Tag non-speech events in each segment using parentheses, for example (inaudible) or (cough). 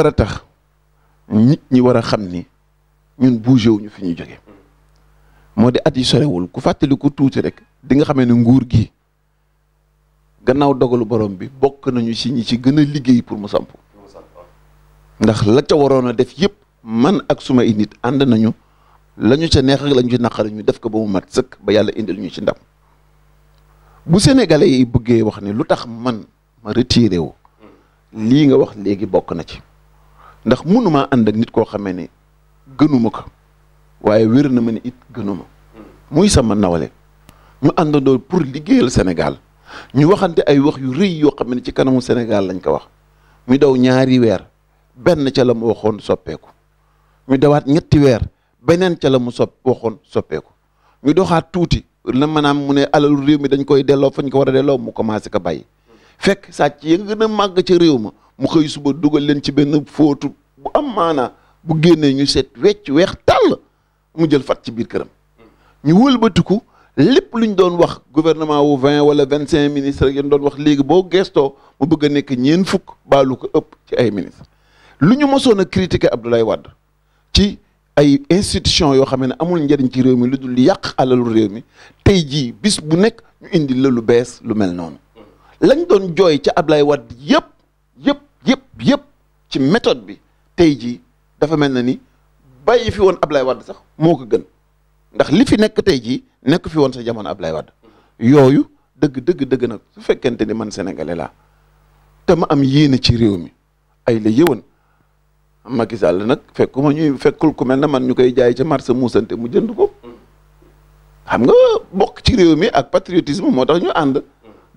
war a tax nit ñi war a xam ni ñun bougé wuñu fi ñu joge moo di at yi sorewul ku fàttaliku tuuti rek di nga xamee ne nguur gi gannaaw dogalu borom bi bokk nañu si ñi ci gën a liggéey pour mu samp ndax la ca waroon a def yëpp man ak suma i ànd nañu lañu ci ca neex ak la ñu ci naqari ñu def ko ba mu mat sëkk ba yàlla indi lu ñu ci ndam bu sénégalais yi bëggee wax ne lu tax man ma retiré wu lii nga wax léegi bokk na ci ndax mënumaa ànd ak nit koo xamee ne gënuma ko waaye wér na ma ne it gënuma muy sama nawle ñu àndandoo pour liggéeyal Sénégal ñu waxante ay wax yu rëy yoo xam ne ci kanamu Sénégal lañ ko wax mu daw ñaari weer benn ca la mu waxoon soppeeku ñu dawaat ñetti weer beneen ca la mu sopp waxoon soppeeku ñu doxaat tuuti la maanaam mu ne alalu réew mi dañ koy delloo fañ ko war a delloo mu commencé ko bàyyi fekk sàcc ya gën a màgg ca réew ma mu xëy suba dugal leen ci benn fóotu bu am maanaa bu génnee ñu seet wecc weex tàll mu jël fat ci biir këram ñu wëlbatiku lépp lu ñu doon wax gouvernement wu vingt wala vingt cinq ministre yéen doon wax léegi boo gestoo mu bëgg a nekk ñeen fukk baalu ko ëpp ci ay ministre lu ñu mosoon a critiquer Abdoulaye wàdd ci ay institution yoo xam ne amul njëriñ ci réew mi lu dul yàq alalu réew mi tey jii bis bu nekk ñu indi la lu bees lu mel noonu lañ doon jooy ci Ablaye Wade yépp yëpp yëpp yëpp ci méthode bi tey jii dafa mel na ni bàyyi fi woon Ablaye Wade sax moo ko gën ndax li fi nekk tey jii nekk fi woon sa jamono Ablaye Wade yooyu dëgg dëgg dëgg nag su fekkente ni man sénégalais laa te ma am yéene ci réew mi ay la yëwan Macky Sall nag fekkuma ñuy fekkul ku mel ne man ñu koy jaay ca marché muusante mu jënd ko xam nga bokk ci réew mi ak patriotisme moo tax ñu ànd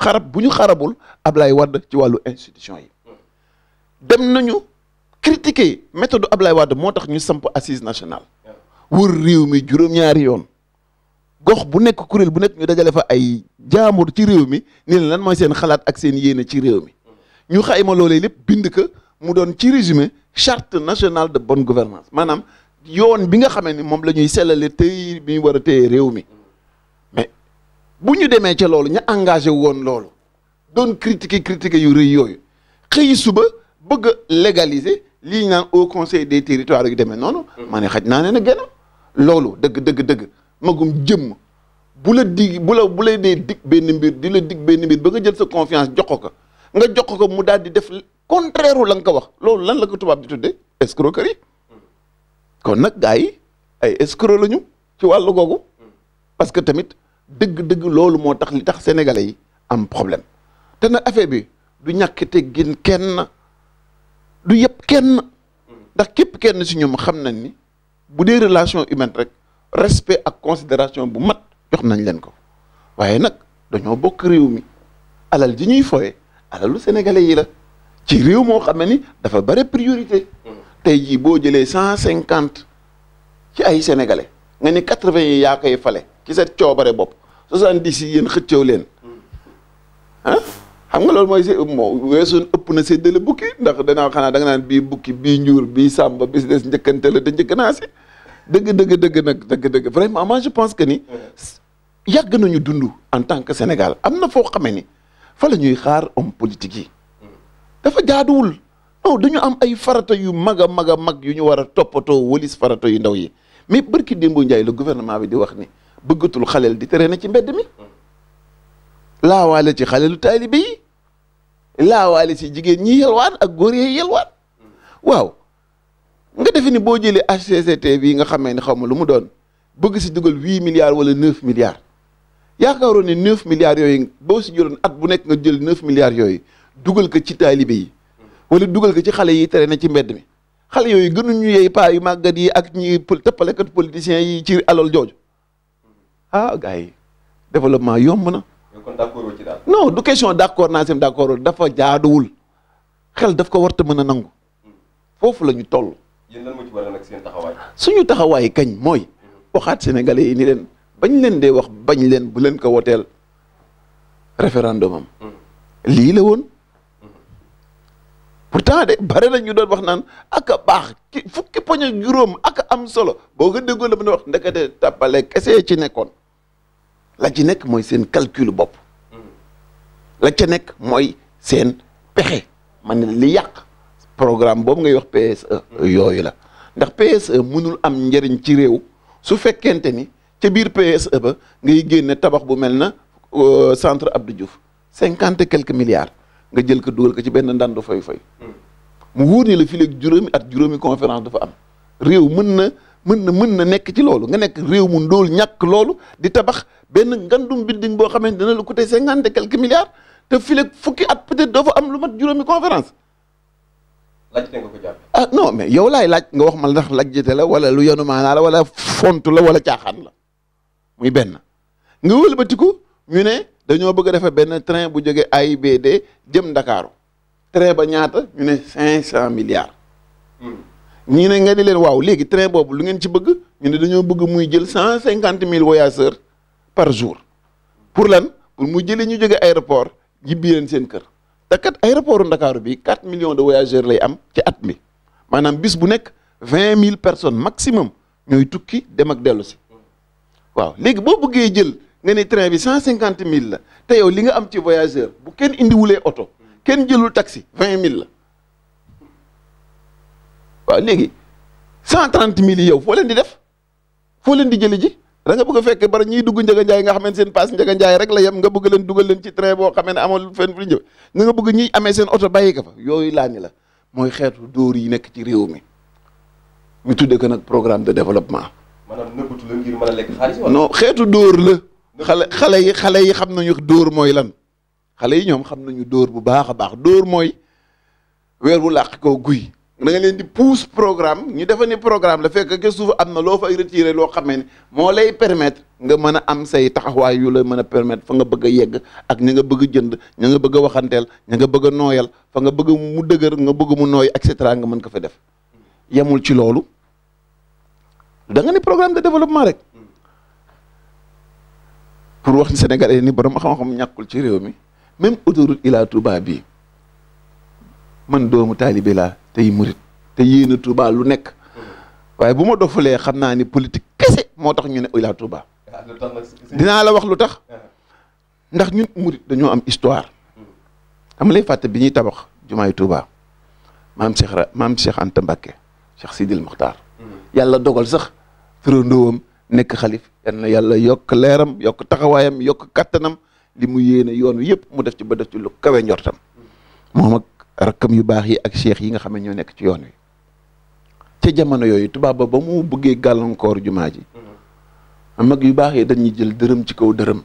xarab bu ñu xarabul Ablaye Wade ci wàllu institution yi dem nañu critiquer méthode Ablaye Wade moo tax ñu samp assise nationale wër réew mi juróom-ñaari yoon gox bu nekk kuréel bu nekk ñu dajale fa ay jaamur ci réew mi ni leen lan mooy seen xalaat ak seen yéene ci réew mi ñu xayma loolee lépp bind ko mu doon ci résumé charte nationale de bonne gouvernance maanaam yoon bi nga xamee ni moom la ñuy sellale tey bi ñu war a téye réew mi bu ñu demee ca loolu ñu engagé woon loolu doon critiquer critiquer yu rëy yooyu xëy suba bëgg légaliser lii ñu au conseil des territoires yu demee noonu. ma ne xaj naa ne na gën loolu dëgg dëgg dëgg magum jëmm bu la di bu la bu lay dee dig benn mbir di la dig benn mbir ba nga jël sa confiance jox ko ko nga jox ko ko mu daal di def contraire la nga ko wax loolu lan la ko tubaab di tudde tuddee escroquerie kon nag gars yi ay lañu ci wàllu googu parce que tamit. deug deug loolu motax li tax sénégalais am problème té na affaire bi du ñàkk guin kenn du yëpp kenn ndax képp kenn si ñoom xam nañ ni bu dee relations humaines rek respect ak considération bu mat jox nañ leen ko wayé nak dañoo bokk réew mi alal ji ñuy fooye alalu sénégalais yi la ci réew mo xam ne ni dafa bari priorité tay ji bo jëlee 150 ci ay sénégalais nga ni 80 ya kay falé koy fale ci sa coobare bopp 70 yi yéen xëccoo leen ah xam nga loolu mooy si weesu ëpp na séddale bukki ndax danaa xanaa da naan bii bukki bii njuur bii sàmba bi si des njëkkante la te njëkk naa si dëgg dëgg dëgg dëgg dëgg vraiment man je pense que ni yàgg nañu dund en tant que Sénégal am na foo xamee ni fa la ñuy xaar homme politique yi dafa jaaduwul non dañu am ay farata yu mag a mag a mag yu ñu war a toppatoo wëlis farata yu ndaw yi mais barki démb Ndiaye la gouvernement bi di wax ni bëggatul xaleel di tere na ci mbedd mi laawaale ci xaleelu taalibe yi laawaale ci jigéen ñii yelwaan ak góor yi yelwaan waaw nga defe ni boo jëlee HCCT bii nga xamee ne xaw ma lu mu doon bëgg si dugal huit milliards wala neuf milliards yaakaaroon ne neuf milliards yooyu boo si jëloon at bu nga jël neuf milliards yooyu dugal ko ci taalibe yi wala dugal ko ci xale yi tere na ci mbedd mi xale yooyu gënuñu yeey paa yu màggat yi ak ñi tëppalekat politiciens yi ci alal jooju ah gars yi développement yomb na. kon d'accord ci daal. non du question d'accord naa seen d'accord dafa jaaduwul xel daf ko warta mën a nangu. foofu la ñu toll. yéen taxawaay. suñu taxawaay kañ mooy. waxaat sénégalais yi ni leen bañ leen dee wax bañ leen bu leen ko woteel référendum hmm. lii la woon. pourtant de bare la ñu doon wax naan ak a baax fukki poñ ak juróom ak am solo boo ko déggoo la mën a wax ndekete tàppale kese ci nekkoon. la ci nekk un calcul bob. Hmm. la ca nekk un péché, man li yàq programme boobu ngay wax PSE yooyu la ndax PSE mënul am njëriñ ci réew su fekkente ni ca biir PSE ba ngay génne tabax bu euh, centre Abdou Diouf cinquante quelques milliards nga jël ko dugal ko ci benn ndandu fay fay hmm. mu wóor la fii léegi at juróomi conférence dafa am réew mën na mën nek mën na nekk ci loolu nga nekk réew mu ndóol ñàkk di ben ngandum building bo xamné dina la coûter 50 et quelques milliards te filé fukki at peut-être doo fa am lu mat juromi conférence. laaj nga ko jàpp ah non mais yow lay laaj nga wax ma ndax lajjite la wala lu yonuma maanaa la wala fontu la wala tiaxan la muy ben nga wël batiku ñu né dañoo bëgg défa ben train bu joggé AIBD jëm Dakar train ba ñaata ñu né 500 milliards. Hmm. ñi ne nga di leen waaw léegi train boobu lu ngeen ci bëgg ñu ne dañoo bëgg muy jël cent cinquante voyageurs. par jour pour lan pour mu jëlé ñu jëgë aéroport yibbi len seen kër te kat aéroportu Dakar bi 4 millions de voyageurs lay am ci at mi manam bis bu nek 20 personnes maximum ñoy tukki dem ak dellu ci waaw légui bo bëggé jël nga né train bi 150000 la yow li nga am ci voyageur bu kenn wulé auto kenn jëlul taxi 20.000. la waaw légui 130 yow fo leen di def fo leen di jëli ji. da nga bëgg a fekk bara ñiy dugg Ndiaga Ndiaye nga xam ne seen paas Ndiaga Ndiaye rek la yem nga bëgg leen dugal leen ci train boo xamee ne amul fenn fu ñu jëm nga nga bëgg amee seen oto bàyyi ko fa yooyu laa ni la mooy xeetu dóor yi nekk ci réew mi ñu tuddee ko nag programme de développement. maanaam la xeetu dóor la. xale xale yi xale yi xam nañu dóor mooy lan xale yi ñoom xam ñu dóor bu baax a baax dóor mooy weer wu làq koo guy da nga di pousse programme ñu defa ni programme la fekk ke suuf am na loo fay retiré loo mo lay permettre nga mëna am say taxaway yu lay mëna permettre fa nga bëgg yegg ak ñinga bëgg jënd ñinga bëgg waxantel ñinga bëgg noyal fa nga bëgg mu dëgër nga bëgg mu noy et cetera nga mën ko fa def yamul ci lolu da nga ni programme de développement rek pour wax Sénégalais ni borom xam-xam ñakul ci réew mi même autoroute Ila Touba bi man doomu talibé la tey murit te yéena Touba lu nekk waaye bu ma dofulee xam naa ni politique kese moo tax ñu ne Ila Touba dinaa la wax lu tax ndax ñun murit dañoo am histoire am lay fàtte bi ñuy tabax jumaay Touba maam Cheikh ra maam Cheikh Anta Mbacké Cheikh Sidil Mokhtar yàlla dogal sax turandoowam nekk xalif yal na yàlla yokk leeram yokk taxawaayam yokk kattanam li mu yéene yoon wi yëpp mu def ci ba def ci lu kawe njortam rakkam yu baax yi ak cheikh yi nga xam ne ñoo nekk ci yoon wi ca jamono yooyu tubaab ba ba mu bëggee gàllankoor jumaa ji mag yu baax yi jël dërëm ci kaw dërëm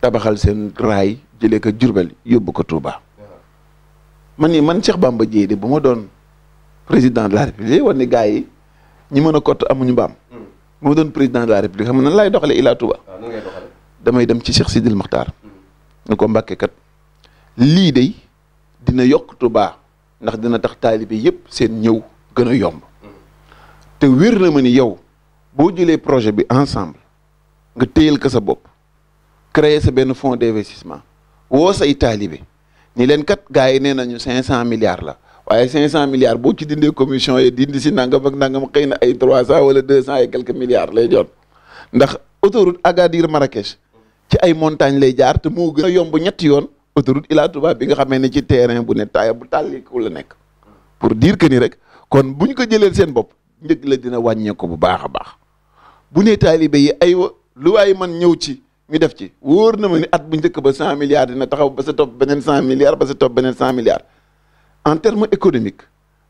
tabaxal seen raay jëlee ko Jurbel yóbbu ko Touba. man ni man Cheikh Bamba Dièye de bu ma doon président de la république war ni gars yi ñu mën a kott amuñu mbaam. bu ma doon président de la république xam nan laay doxalee Ila Touba. Ah, damay dem ci Cheikh Sidil Makhtar. Hmm. ni ko Mbàkke kat lii de. dina yokk Touba ndax dina tax taalibe yépp seen ñëw gën a yomb te wér ma ni yow boo jëlee projet bi ensemble nga téyal ko sa bopp créer sa benn fonds d'investissement woo say taalibe ni leen kat gars yi nee nañu cinq cent milliards la waaye cinq cent milliards boo ci dindee commission yi dindi si nangam ak nangam xëy na ay trois cent wala deux cent et quelques milliards lay jot ndax autoroute Agadir Marrakech ci ay montagnes lay jaar te moo gën a yomb ñetti yoon autoroute Ila Touba bi nga xamee ne ci terrain bu ne taaya bu tàlliku la nekk pour diir que ni rek kon bu ñu ko jëlee seen bopp njëg la dina wàññeeku bu baax a baax bu ne taalibe yi aywa lu waaye man ñëw ci ñu def ci wóor na ma ni at bu njëkk ba cent milliards dina taxaw ba sa topp beneen cent milliards ba sa topp beneen cent milliards en terme économique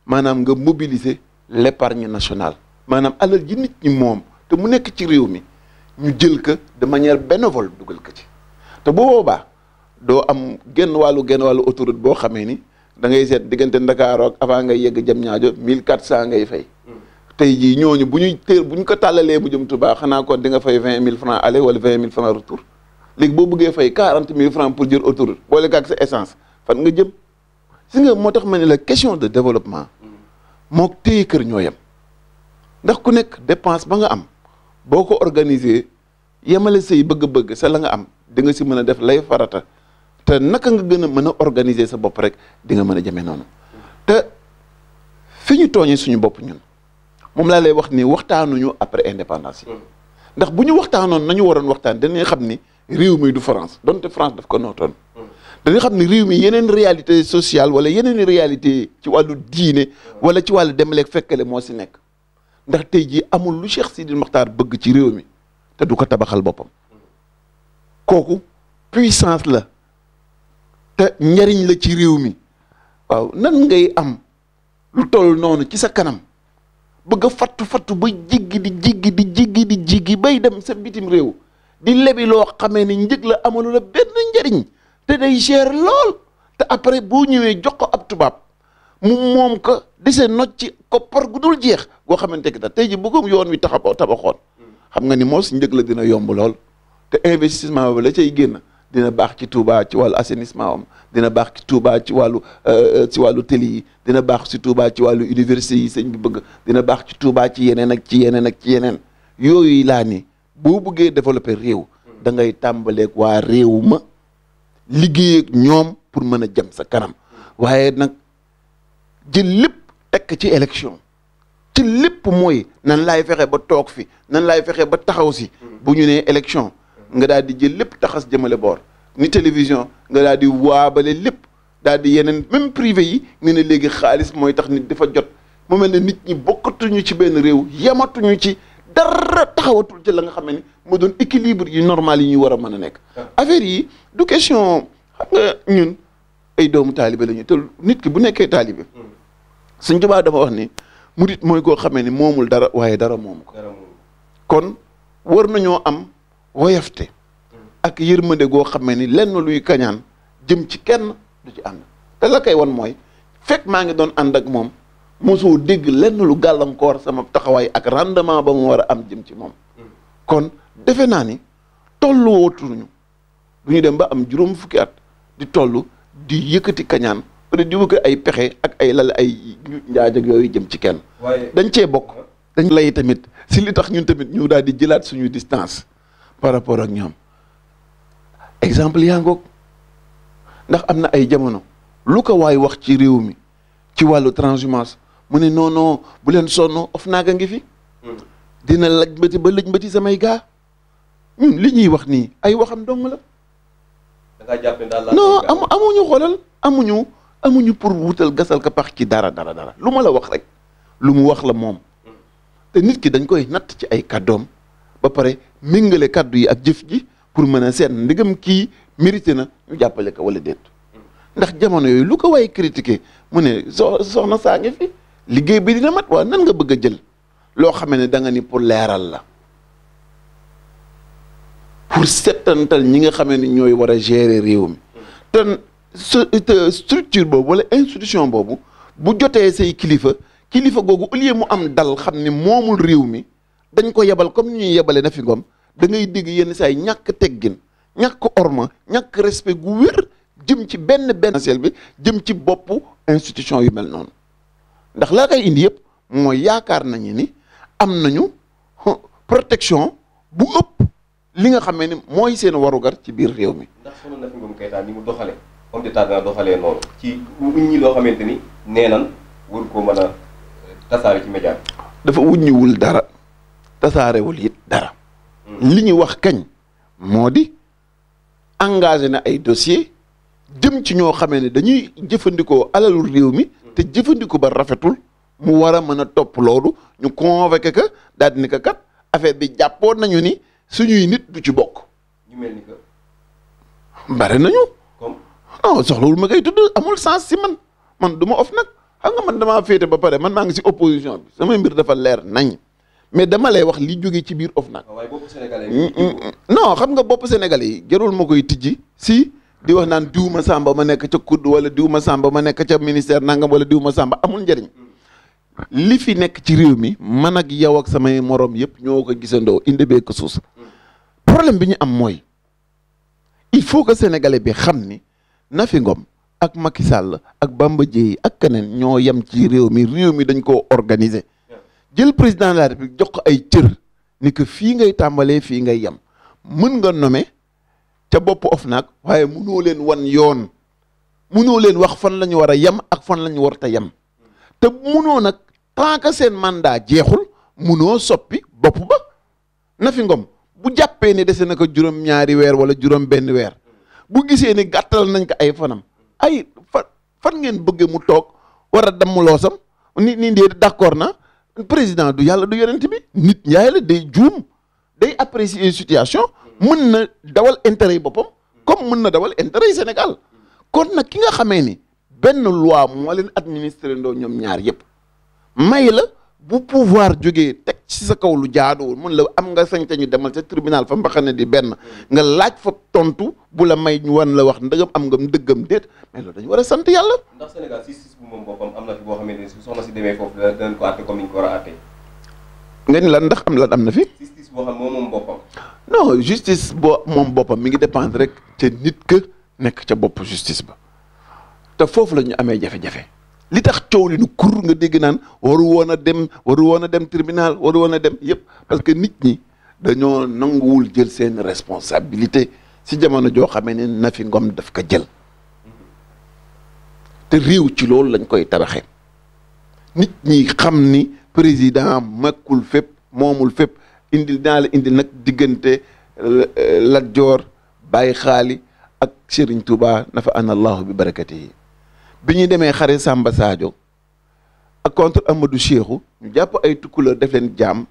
maanaam nga mobiliser l'épargne nationale maanaam alal ji nit ñi moom te mu nekk ci réew mi ñu jël ko de manière bénévole dugal ko ci te bu boobaa doo am gen wàllu genn wàllu autoroute boo xamee ni da ngay seet diggante ndakaaroo ak avant ngay yegg jëm ñaajo mille quatre cent ngay fay hmm. tey jii ñooñu bu ñuy téer bu ñu ko tàllalee mu jëm Touba xanaa kon di nga fay vingt mille francs aller wala vingt mille francs retour léegi boo bëggee fay quarante mille francs pour jël autoroute boole ko ak sa essence fan nga jëm si nga moo tax ma ne la question de développement hmm. moo téye kër ñoo yem ndax ku nekk dépense ba nga am boo ko organiser yemale say bëgg-bëgg sa la nga am di nga si mën a def lay farata naka nga gën a mën a organiser sa bopp rek di nga mën a jëmee noonu te fi ñu tooñee suñu bopp ñun moom laa lay wax ni waxtaanuñu après indépendance yi ndax bu ñu waxtaanoon nañu waroon waxtaan dañuy xam ni réew mi du France donte France daf ko nootoon dañuy xam ni réew mi yeneen réalité sociale wala yeneen réalité ci wàllu diine wala ci wàllu demaleeg fekkale moo si nekk ndax tey jii amul lu Cheikh Sidil maxtaar bëgg ci réew mi te du ko tabaxal boppam kooku la te njariñ la ci réew mi waaw nan ngay am lu toll noonu ci sa kanam bëgg a fattu fattu ba jiggi di jiggi di jiggi di jiggi bay dem sa bitim réew di lebi loo ne ni njëg la amalu la benn njariñ te day cher lool te après boo ñëwee jox ko ab tubaab mu moom ko dese nocc ci koppar gu dul jeex goo xamante ne tey ji bu ko yoon wi taxaw tabaxoon xam nga ni moos njëg la dina yomb lool te investissement boobu la cay génn dina baax ci Touba ci wàllu assainissement am dina baax ci Touba ci wàllu euh, euh, ci wàllu télé yi dina baax ci Touba ci wàllu université yi sëñ bi bëgg dina baax ci Touba ci yeneen ak ci yeneen ci yeneen yooyu laa ni boo bëggee développer réew da ngay tàmbaleeg waa réew ma liggéeyeek ñoom pour mën a jëm sa kanam waaye nag jël lépp tekk ci élection ci lépp mooy nan laay fexe ba toog fi nan laay fexe ba taxaw si mm-hmm. bu ñu nee élection nga daal di jël lépp taxas jëmale boor ni télévision nga daal di waabale lépp daal di yeneen même privé yi nga ne léegi xaalis mooy tax nit dafa jot moom mel ne nit ñi bokkatuñu ci benn réew yematuñu ci dara taxawatul ci la nga xam ne moo doon équilibre yi normal yi ñu war a mën a nekk. affaire yi du question xam nga ñun ay doomu taalibe lañu te nit ki bu nekkee taalibe. Sëñ Tuubaa dafa wax ni murit mooy koo xamee ni moomul dara waaye dara moomu ko. kon war nañoo am. woyofte ak yërmande goo xamee ni lenn luy kañaan jëm ci kenn du ci ànd te la koy wan moy fek maa ngi doon ànd ak moom mosoo dégg lenn lu sama takawai. ak rendement ba mu war am jëm ci kon defe naa ni tollu wootuñu du dem ba am juróom fukki at di toll di yëkkati kañaan wala di wëkk ay pexe ak ay lal ay njaaj ak yooyu jëm ci kenn dañ cee dañ lay tamit si li tax ñun tamit ñu daal di suñu distance par rapport ak ñoom exemple yaa ngoog ndax am na ay jamono lu ko waay wax ci réew mi ci wàllu transhumance mu ne non bu leen sonn of naaga ngi fi. dina laj mbati ba lëj mbati samay gaa ñun li ñuy wax nii ay waxam dong la. da amuñu xoolal amuñu amuñu pour wutal gasal ka pax ci dara dara dara lu ma la wax rek lu mu wax la moom. Mm. te nit ki dañ koy natt ci ay kàddoom ba pare. mingale kàddu yi ak jëf ji pour mën a seet ndigam kii mérité na ñu jàppale ko wala déet ndax jamono yooyu lu ko waaye critiqué mu ne so soxna saa ngi fi liggéey bi dina mat waa nan nga bëgg a jël loo xamee ne da nga ni pour leeral la pour settantal ñi nga xame ne ñooy war a gérer réew mi te structure boobu wala institution boobu bu jotee say kilifa kilifa googu au mu am dal xam ne moomul réew mi dañ ko yebal comme ñuy yebale na fi ngoom da ngay dégg yenn saa yi ñàkk teggin ñakk orma ñàkk respect gu wér jëm ci benn benn essentiel bi jëm ci boppu institution yu mel noonu ndax laa koy indi yëpp mooy yaakaar nañu ni am nañu protection bu ëpp li nga xamee ni mooy seen warugar ci biir réew mi. ndax soxna Nafi Ngom Keïta ni mu doxalee homme d'État dana doxalee noonu ci wuñ ñi loo xamante ni nee nan waru ko mën a tasaare ci média dafa wuññiwul dara. tasaarewul it dara li wax kañ moo di engage na ay dossier jëm ci ñoo xamee ne dañuy jëfandikoo alalu réew mi te jëfandikoo ba rafetul mu war a mën a topp loolu ñu convoqué que daal di ni que kat affaire bi jàppoon nañu ni suñuy nit du ci bokk. ñu mel ni que. bare nañu. comme non soxlawul ma koy tudd amul sens si man man du ma of nag xam nga man damaa féete ba pare man maa ngi si opposition bi samay mbir dafa leer nañ. mais dama lay wax li jóge ci biir OFNAC. Ah, waaye bopp sénégalais yi. Mm, mm, mm. non xam nga bopp sénégalais yi jarul ma koy tijji si di wax naan diw ma sàmba ma nekk ca kudd wala diw ma sàmba ma nekk ca ministère nangam wala diw ma sàmba amul njariñ li fi nekk ci réew mi man ak yow ak samay moroom yëpp ñoo ko gisandoo indi bee ko suus problème bi ñu am mooy il faut que sénégalais bi xam ni Nafi Ngom ak Macky Sall ak Bamba Dièye ak keneen ñoo yem ci réew mi réew mi dañ koo organiser. jël président de la république jox ko ay cër ni que fi ngay tambalé fi ngay yam mën nga nommé ca of nak waye mëno leen wan yoon mëno leen wax fan lañu wara yam ak fan lañu warta yam ta yem te munoo nag tant que sen mandat jéxul mëno soppi bop ba na fi ngom bu jappé ne déssé juroom ñaari wala juroom benn weer bu gisé ne gattal nañ ko ay fanam ay fan ngeen bëggee mu tok wara dam loosam ni ni d'accord na président du Yalla du yonent nit la day day apprécier situation mën na dawal intérêt bopam comme mën intérêt Sénégal kon nak ki nga xamé ni loi mo leen administrer bu pouvoir jógee teg ci sa kaw lu jaaduwul mun la am nga sañ-sañu demal sa tribunal fa mbaxane di benn nga laaj fa tontu bu la may ñu wan la wax ndëgam am nga ndëggam déet mais loolu dañu war a sant yàlla. ndax Sénégal si si boo xamante ne soxna si demee foofu danañ ko àtte comme ñu ko lan ndax am lan am na fi. justice boo moom boppam. mi ngi dépendre rek ca nit ka nekk ca bopp justice ba te foofu la ñu amee jafe-jafe. li tax coow li nu kur nga dégg naan waru woon a dem waru woon a dem tribunal waru woon a dem yëpp parce que nit ñi dañoo nanguwul jël seen responsabilité si jamono joo xamee ne na fi daf ko jël te réew ci loolu lañ koy tabaxee nit ñi xam ni président makkul fépp moomul fépp indil naa la indil nag diggante euh, Lat Joor Baay Xaali ak Serigne Touba nafa an allahu bi barakati yi bi ñuy demee xare Samba Sadio ak contre Amadou Cheikhou ñu jàpp ay tukkuleur def leen jaam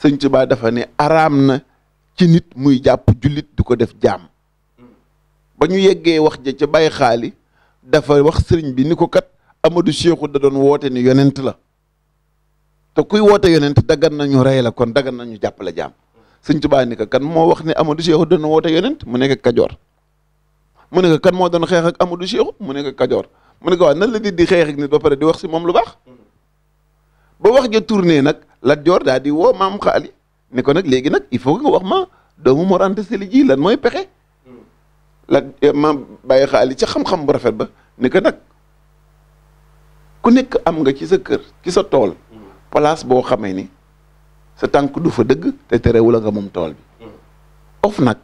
sëñ Tuubaa dafa ne araam na ci nit muy jàpp jullit du ko def jaam ba ñu yeggee wax ja ca bàyyi xaali dafa wax sëriñ bi ni ko kat Amadou Cheikhou da doon woote ni yonent la te kuy woote yonent daggan nañu rey la kon daggan nañu jàppale jaam sëñ Tuubaa ni ko kan moo wax ne Amadou Cheikhou da doon woote yonent mu nekk Kajoor mu nekk kan moo doon xeex ak Amadou Cheikhou mu nekk Kajoor mu ne ko waaw nan la nit di xeex ak nit ba pare di wax si moom lu baax ba wax ja tourné nag Lat Joor daal di woo maam xaali ne ko nag léegi nag il foog nga wax ma doomu Mor Anta Sali ji lan mooy pexe Lat eh, maam bàyyi ca xam bu rafet ba ne ko nag ku nekk am nga ci sa kër ci sa tool place boo xamee ni sa tànk du fa dëgg te terewul nga moom tool bi nag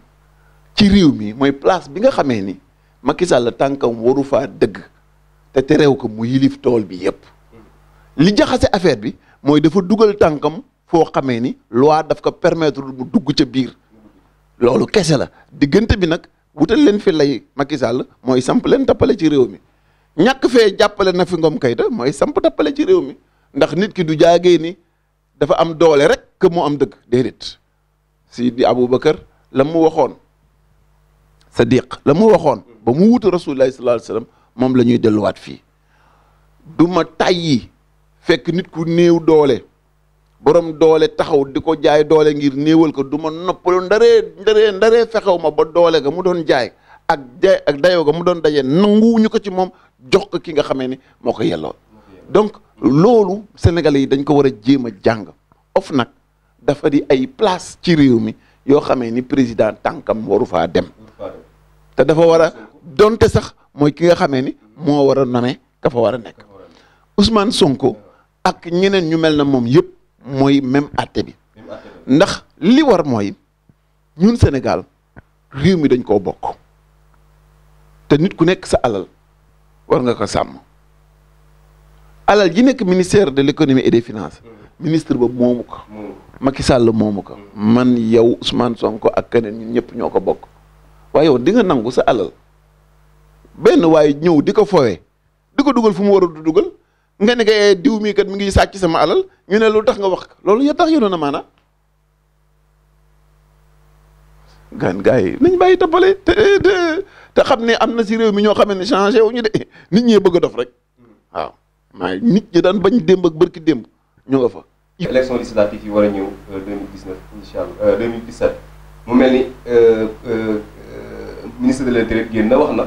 ci réew mi mooy place bi nga xamee ni Macky Sall tànkam waru faa dëgg te te terew ko mu yilif tool bi yépp li jaxase affaire bi mooy dafa dugal tànkam foo xamee ni loi daf ko permettre mu dugg ca biir loolu kese la diggante bi nag wutal leen fi lay Macky mooy samp leen tappale ci réew mi ñàkk fee jàppale na fi Ngom Keïta mooy samp tappale ci réew mi ndax nit ki du jaagee ni dafa am doole rek que moo am dëgg déedéet Sidi Aboubacar la mu waxoon sa Sadiq la mu waxoon ba mu wutu Rasulullah sallallahu alayhi moom la ñuy delluwaat fii du ma tàyyi fekk nit ku néew doole borom doole taxaw di ko jaay doole ngir néewal ko du ma noppalu ndaree ndaree ndaree fexew ma ba doole ga mu doon jaay ak jaay ak dayoo ga mu doon daye dajee ñu ko ci moom jox ko ki nga xamee ni moo ko yelloo donc loolu sénégalais yi dañ ko war a jéem a jàng of nag dafa di ay place ci réew mi yoo xamee ni président tànkam waru faa dem te dafa war a donte sax mooy ki nga xamee ni moo war a ka fa war a nekk Ousmane Sonko ak ñeneen ñu mel na moom yëpp mooy même àtte bi ndax li war mooy ñun Sénégal réew mi dañ ko bokk te nit ku sa alal war nga ko sàmm alal ji nekk ministère de l'économie et des finances ministre ba moomu Macky Sall man yow Ousmane Sonko ak keneen ñun ñëpp ñoo ko bokk yow di nga nangu sa alal ben way ñew diko fowé diko duggal fu mu wara duggal nga ne kay eh, diw mi kat mi ngi sàcc sama alal ñu ne lu tax nga wax lolu ya tax yoonu na maana gan gay nañ bàyyi topalé té té té xamné amna ci réew mi ño xamné changé wu ñu dé (laughs) nit ñi bëgg dof rek waaw ma nit ñi daan bañ démb ak barki démb ñu nga fa. élection législative yi wara ñew 2019 inshallah 2017 mu melni euh, euh euh ministre de l'intérieur génn na wax na.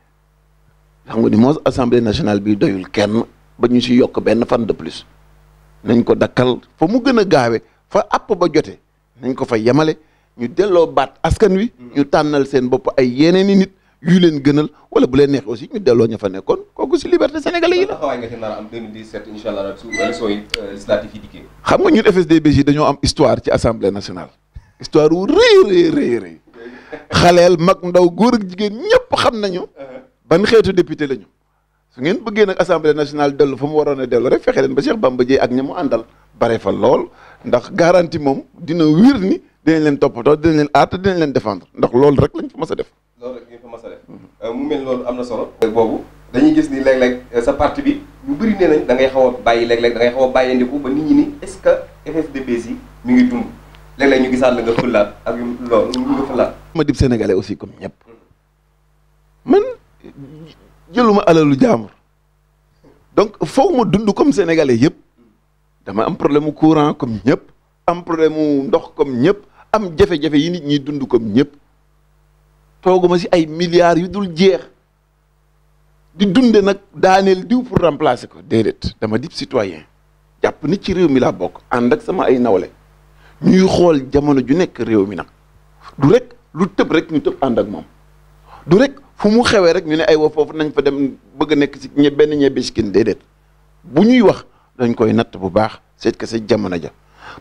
xam nga ni moos assemblée nationale bi doyul kenn ba ñu si yokk benn fan de plus nañ ko dakkal fa mu gën a gaawe fa àpp ba jote nañ ko fa yemale ñu delloo baat askan wi. Mm-hmm. ñu tànnal seen bopp ay yeneen i nit yu leen gënal wala bu leen neex aussi ñu delloo ña fa nekkoon kooku si liberté sénégalais yi la. taxawaay nga ci nar a am 2017 yi euh, législatives xam nga ñun FSD/BJ dañoo am histoire ci assemblée nationale histoire wu rëy rëy (laughs) xaleel mag ndaw góor ak jigéen ñëpp xam nañu. Uh-huh. ban xeetu député lañu su ngeen bëggee nag assemblée nationale dellu fa mu waroon a dellu rek fexe leen ba Cheikh ak ña mu àndal bare fa lool ndax garantie moom dina wér ni dinañ leen toppatoo dinañ leen aar leen défendre ndax loolu rek lañ fa mës a def. loolu rek euh, lañ am na solo. Euh, boobu dañuy gis ni léeg-léeg euh, sa parti bi bëri nee da ngay xaw a bàyyi léeg-léeg da ngay xaw a bàyyandiku ba nit ñi ni est-ce que FFDBS yi mi ngi dund léeg-léeg ñu gisaat la nga fëlaat ak loolu nga fëlaat. ma dib sénégale aussi comme ñëpp man jëluma alalu jaamur donc foog ma dund comme sénégalais yëpp dama am problème mu courant comme ñëpp am problème mu ndox comme ñëpp am jafe-jafe yi nit ñi dund comme ñëpp tooguma si ay milliards yu dul jeex di dunde nag daaneel diw pour remplacer ko déedéet dama dib citoyen jàpp ni ci réew mi la bokk ànd ak sama ay nawle ñuy xool jamono ju nekk réew mi nag du rek lu tëb rek ñu tëb ànd ak moom du rek fu mu xewee rek ñu ne ay wa foofu nañ fa dem bëgg a nekk si benn ñebe si kenn déedéet bu ñuy wax dañ koy natt bu baax seet que c'est jamono ja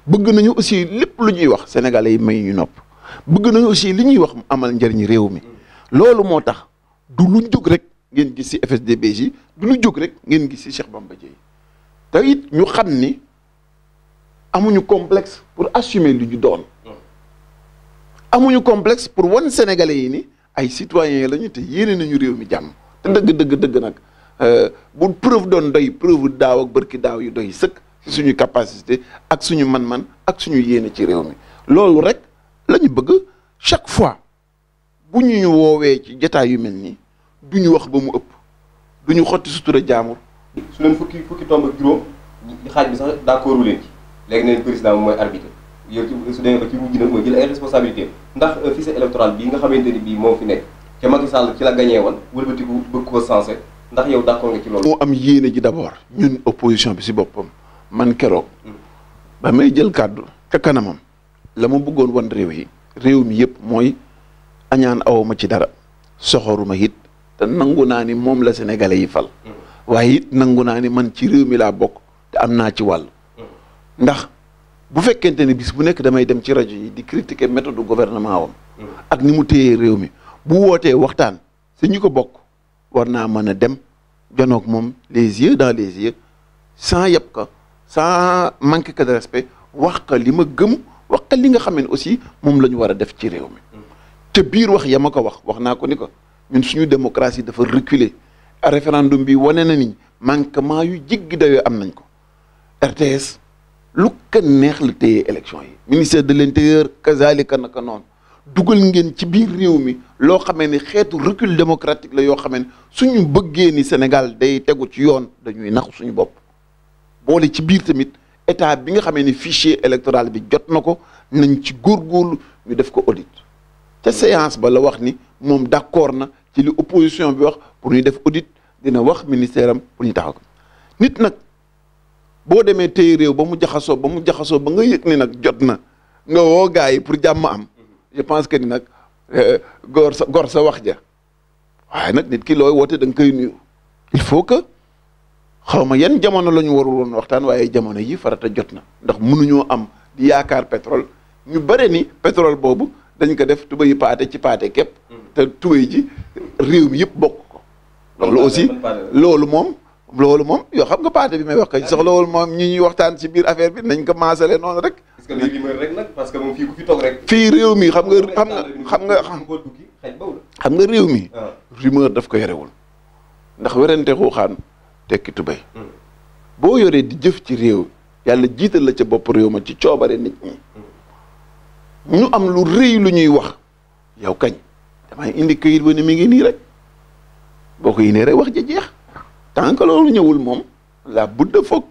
bëgg nañu aussi lépp lu ñuy wax sénégalais yi may ñu nopp bëgg nañu aussi li ñuy wax mu amal njëriñ réew mi loolu moo tax du lu jóg rek ngeen gis si fsd yi du lu jóg rek ngeen gis si Cheikh Bamba Dièye te it ñu xam ni amuñu complexe pour assumer lu ñu doon amuñu complexe pour wan sénégalais yi nii ay citoyens lañu te yéene nañu réew mi jàmm te dëgg dëgg dëgg nag euh, bu preuve doon doy preuve daaw ak bërki daaw yu doy sëkk ci suñu capacité ak suñu man-man ak suñu yéene ci réew mi loolu rek la ñu bëgg chaque fois bu ñu woowee ci jataay yu mel nii du ñu wax ba mu ëpp duñu xotti sutura jaamur. su leen fukki fukki tomb ak juróom xaaj bi sax d'accord leen ci léegi neen président mooy arbitre. yor ci su demee ba ci mujj nag mooy jël ay responsabilité ndax fichier électoral bii nga xamante ni bii moo fi nekk te Macky Sall ci la gagné woon wëlbatiku bëgg ko sensé ndax yow d'accord nga ci loolu. moo am yéene ji ñun opposition bi si boppam man keroog ba may jël kàddu ca kanamam la ma bëggoon wan réew yi réew mi yëpp mooy añaan awma ci dara soxoruma it te nangu naa ni moom la sénégalais yi fal mm. waaye it nangu naa ni man ci réew mi laa bokk te am naa ci wàll mm. ndax. bu fekkente ne bis bu nekk damay dem ci rajo yi di critiquer méthode gouvernement wam ak ni mu téyee réew mi bu wootee waxtaan si ñu ko bokk war naa mën a dem janoog moom les yeux dans les yeux sans yeb ka sans manque ka de respect wax ka li ma gëm wax ka li nga xam ne aussi moom la ñu war a def ci réew mi te biir wax ya ma ko wax wax naa ko ni ko ñun suñu démocratie dafa reculer référendum bi wane na ni manquement yu jéggi dayoo am nañ ko RTS lu ko neex la téye élection yi ministère de l'intérieur kazalika naka noon dugal ngeen ci biir réew mi loo xamee ni xeetu recul démocratique la yoo xamee ni suñu bëggee ni Sénégal day tegu ci yoon dañuy nax suñu bopp boole ci biir tamit état bi nga xamee ni fichier électoral bi jot na ko nañ ci góor góorgóorlu ñu def ko audit te séance ba la wax ni moom d'accord na ci li opposition bi wax pour ñu def audit dina wax ministère am pour ñu tax ko nit boo demee tey réew ba mu jaxasoo ba mu jaxasoo ba nga yëg ni nag jot na nga woo gars yi pour jàmm am je pense que ni nag euh, góor sa góor sa wax ja waaye nag nit ki looy woote da nga koy nuyu il faut que xaw ma yan jamono la ñu warul woon waxtaan waaye jamono yi farata jot na ndax mënuñoo am yaakaar pétrole ñu bare ni pétrole boobu dañ ko def tuba yi paate ci paate képp mm. te tubay ji réew mi yëpp bokk ko loolu aussi loolu moom loolu moom yow xam nga parti bi may wax kañ sax loolu moom ñi ñuy waxtaan ci biir affaire bi nañ ko maasale noonu rek. est-ce que léegi mooy que moom fii ku fi toog rek. fii réew mi xam nga xam nga xam xam nga réew mi. rumeur daf ko yore yorewul ndax werante xuuxaan tekki tubéy. Hmm. boo yoree di jëf ci réew yàlla jiital la ca bopp réew ma ci coobare nit ñi. Hmm. ñu am lu rëy lu ñuy wax yow kañ damay indi këyit ba ne mi ngi nii rek boo ko indee rek wax ja jeex. tant que loolu ñëwul moom la budda foog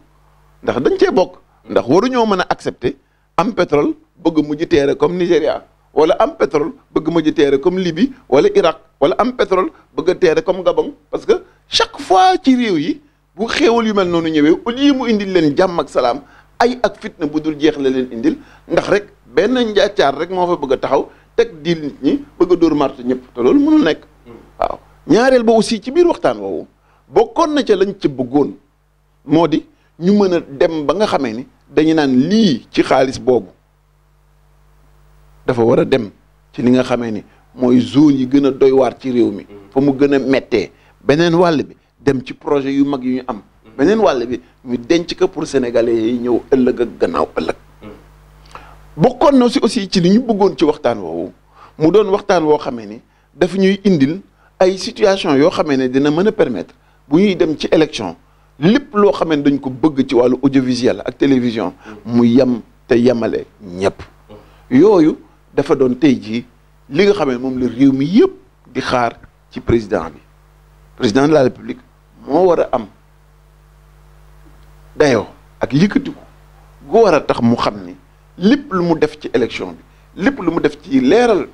ndax dañ cee bokk ndax waruñoo mën a accepter am pétrole bëgg mujj teere comme Nigéria wala am pétrole bëgg mujj teere comme Libye wala Irak wala am pétrole bëgg a teere comme Gabon parce que chaque fois ci réew yi bu xéewal yu mel noonu ñëwee au lieu mu indil leen jàmm ak salaam ay ak fitna bu dul jeex la leen indil ndax rek benn njaacaar rek moo fa bëgg a taxaw teg diil nit ñi bëgg a dóor marte ñëpp te loolu mënul nekk waaw ñaareel ba aussi ci biir waxtaan woowu bokkoon na ca lañ ca bëggoon moo di ñu mën a dem ba nga xamee ni dañu naan lii ci xaalis boobu dafa war a dem ci li nga xame ni mooy zone yi gën a doy ci réew mi mm-hmm. fa mu gën a mettee beneen wàll bi dem ci projet yu mag yu ñu am mm-hmm. beneen wàll bi ñu denc ko pour sénégalais yi ñëw ëllëg ak gannaaw ëllëg mm-hmm. bokkoon na si aussi ci li ñu bëggoon ci waxtaan woowu mu doon waxtaan woo xamee ni dafa ñuy indil ay situation yoo xamee ne dina mën a permettre bu ñuy dem ci élection lépp loo xam ne dañ ko bëgg ci wàllu audiovisuel ak télévision mu yem te yemale ñëpp yooyu dafa doon tey jii li nga xam ne moom la réew mi yëpp di xaar ci président bi président de la république moo war a am dayoo ak yëkkatiku gu war a tax mu xam ni lépp lu mu def ci élection bi lépp lu mu def ci leeral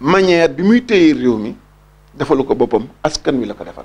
manière bi muy téye réew mi defalu ko boppam askan wi la ko defal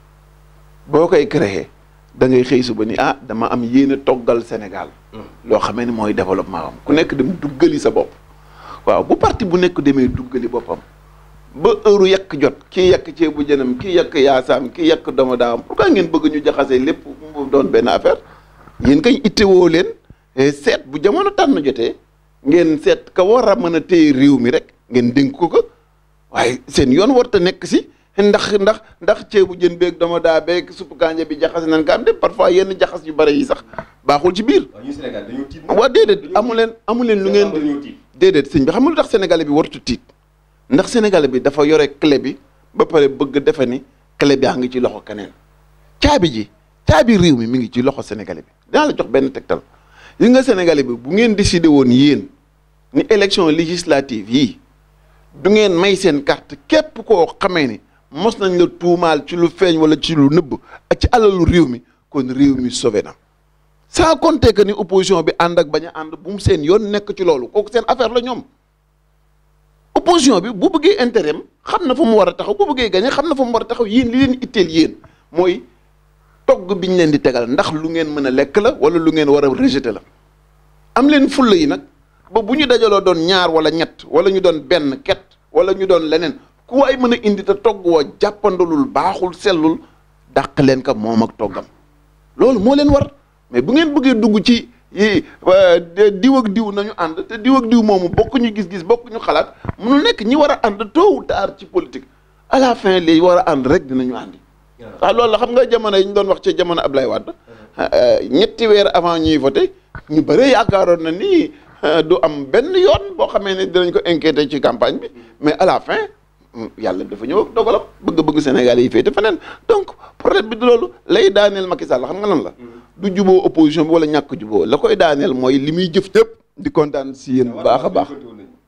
boo koy créer dangay ngay xëy suba ni ah dama am yéen a toggal Sénégal. Mm. loo xamee ni mooy développement ku nekk dem duggali sa bopp. waaw bu parti bu nekk demee duggali boppam ba heure yàq jot kii yàq ceebu jënam kii yàq yaasaam kii yàq domadaam pourquoi ngeen bëgg ñu jaxasee lépp mu doon benn affaire yéen kay ittewoo leen eh, seet bu jamono na jotee ngeen seet ka war a mën a téye réew mi rek ngeen dénk ko ko waaye seen yoon warta nekk si. ndax ndax ndax ceebu jën beeg dama daa beeg suppu kanja bi jaxase nañ ko am parfois yenn jaxas yu bare yi sax baaxul ci biir. waaw ñun Sénégal dañoo tiit. Ah, waaw déedéet amu leen lu ngeen. déedéet sëñ bi xam lu tax Sénégalais bi war tiit ndax Sénégalais bi dafa yore clé bi ba pare bëgg defe ni clé bi yaa ngi ci loxo keneen caabi ji caabi réew mi mi ngi ci loxo Sénégalais bi dinaa jox benn tegtal yi nga Sénégalais bi bu ngeen décidé woon yéen ni élection législative yi du ngeen may seen carte képp koo xamee ni mos nañ la tuumaal ci lu feeñ wala ci lu nëbb ak ci alalu réew mi kon réew mi sauvé na sans compter que ni opposition bi ànd ak bañ a ànd bu mu seen yoon nekk ci loolu kooku seen affaire la ñoom opposition bi bu bëggee intérêt xam na fa mu war a taxaw bu bëggee gagné xam na fa mu war a taxaw yéen li leen itteel yéen mooy togg biñ leen di tegal ndax lu ngeen mën a lekk la wala lu ngeen war a rejeter la am leen fulla yi nag ba ñu dajaloo doon ñaar wala ñett wala ñu doon benn ket wala ñu doon leneen ku waay mën a indi te togg woo jàppandalul baaxul sellul dàq leen ka moom ak toggam loolu moo leen war mais bu ngeen bëggee dugg ci diw ak diw nañu ànd te diw diw moomu bokk ñu gis-gis bokkuñu xalaat mënul nekk ñi war a ànd tôt ou ci politique à la fin léegi war a ànd rek dinañu àndi waaw ah, loolu la xam nga jamono yi ñu doon wax ci jamono Ablaye Wade mm-hmm. ah, ah, ñetti weer avant ñuy voté ñu bëre yaakaaroon na ni du am benn yoon boo xamee ne dinañ ko inquiété ci campagne mais à fin yàlla dafa ñëw dogalam bëgg-bëgg Sénégal yi féete feneen donc problème bi du loolu lay daaneel Macky Sall xam nga lan la. Mm-hmm. du juboo opposition bi wala ñàkk juboo la koy daaneel mooy li muy jëf jëpp di kontaan si yéen bu baax a baax.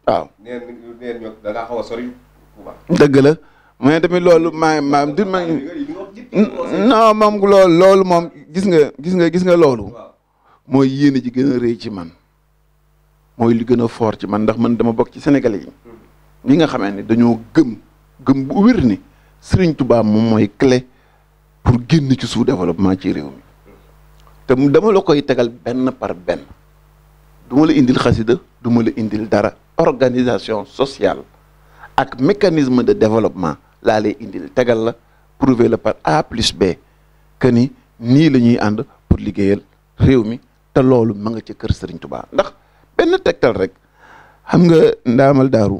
waaw neen neen a sori dëgg la mais tamit loolu maa maam du ma. non moom loolu loolu moom gis nga gis nga gis nga loolu. mooy yéene ci gën a rëy ci man. mooy li gën a foor ci man ndax man dama bokk ci Sénégalais yi. ñi nga xamee ni dañoo gëm gëm bu wér ni Serigne Touba moom mooy clé pour génn ci suuf développement ci réew mi te dama la koy tegal benn par benn du ma la indil xasida du ma la indil dara organisation sociale ak mécanisme de développement laa lay indil tegal la prouver la par A plus B que ni nii la ñuy ànd pour liggéeyal réew mi te loolu ma nga ca kër Serigne Touba ndax benn tegtal rek xam nga ndaamal daaru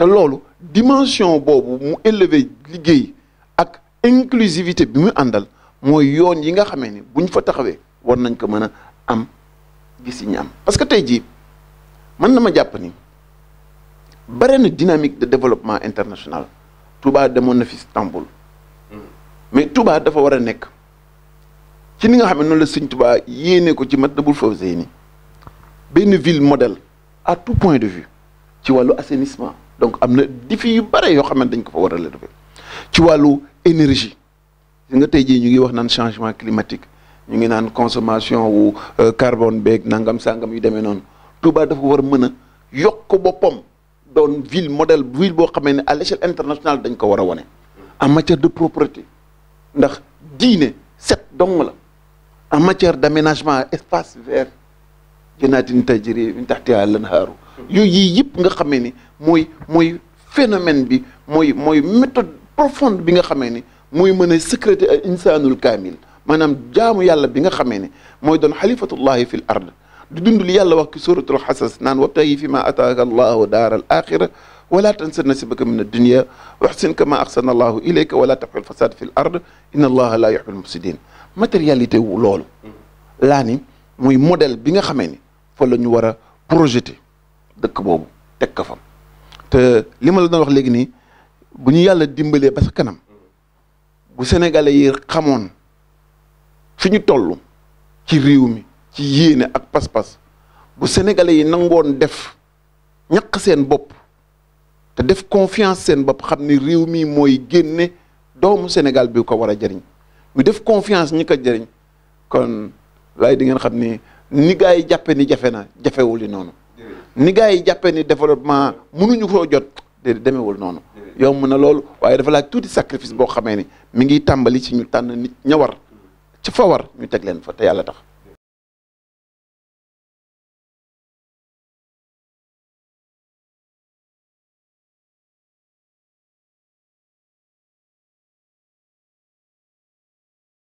te dimension bobu mu élevé liguey ak inclusivité bi mu andal moy yoon yi nga xamé ni buñ fa taxawé war nañ ko mëna am gis parce que tey jii man na ma japp ni bare dynamique de développement international Touba demoon na fi Istanbul mais Touba dafa war a nekk ci ni nga xamé non la Seigne Touba yéné ko ci Matlabul Fawzayni ben ville modèle à tout point de vue ci walu assainissement donc am na difi yu bare yoo xamante dañ ko fa war a relever ci wàllu énergie li nga tey jii ñu ngi wax naan changement climatique ñu ngi naan consommation wu euh, carbon beeg nangam sangam yu demee noonu Touba dafa war a mën a yokk boppam doon ville modèle ville boo xamee ne à l'échelle internationale dañ ko war a wane. en matière de propreté ndax diine set dong la en matière d'aménagement espace vert janaatin tajri min tahtiha al-anhaaru yooyu yii yëpp nga xamee ni. moy moy phénomène bi moy moy méthode profonde bi nga xamé ni moy mëna a sécrété al insaanul kaamil jaamu yàlla bi nga xamé ni moy don khalifatullah fi l ard di dundul yàlla wax ki suratul xasas naan wabtayi fi ma ataaka allah daar al axira wala tansa nasibaka min addunia waxsin kama axsana allahu ilayka wala tabxil fasad fi l ard inna allaha laa yuxibul mufsidin matérialité wu loolu laa ni mooy ني bi nga xamee ni fa la ñu war te li ma la doon wax léegi nii bu ñu yàlla dimbalee ba sa kanam bu sénégalais yi xamoon fi ñu toll ci réew mi ci yéene ak pas-pas bu sénégalais yi nangoon def ñaq seen bopp te def confiance seen bopp xam ni réew mi mooy génne doomu Sénégal bi ko war a jëriñ ñu def confiance ñi ko jëriñ kon laay di ngeen xam ni ni gaa yi jàppe ni jafe na jafewul li noonu ni gars yi jàppee ni développement munuñu koo jot te demeewul noonu. yomb na loolu waaye dafa laaj tuuti sacrifice boo xamee ni mi ngi tàmbali ci ñu tànn nit ña ci fa war ñu teg leen fa te yàlla tax.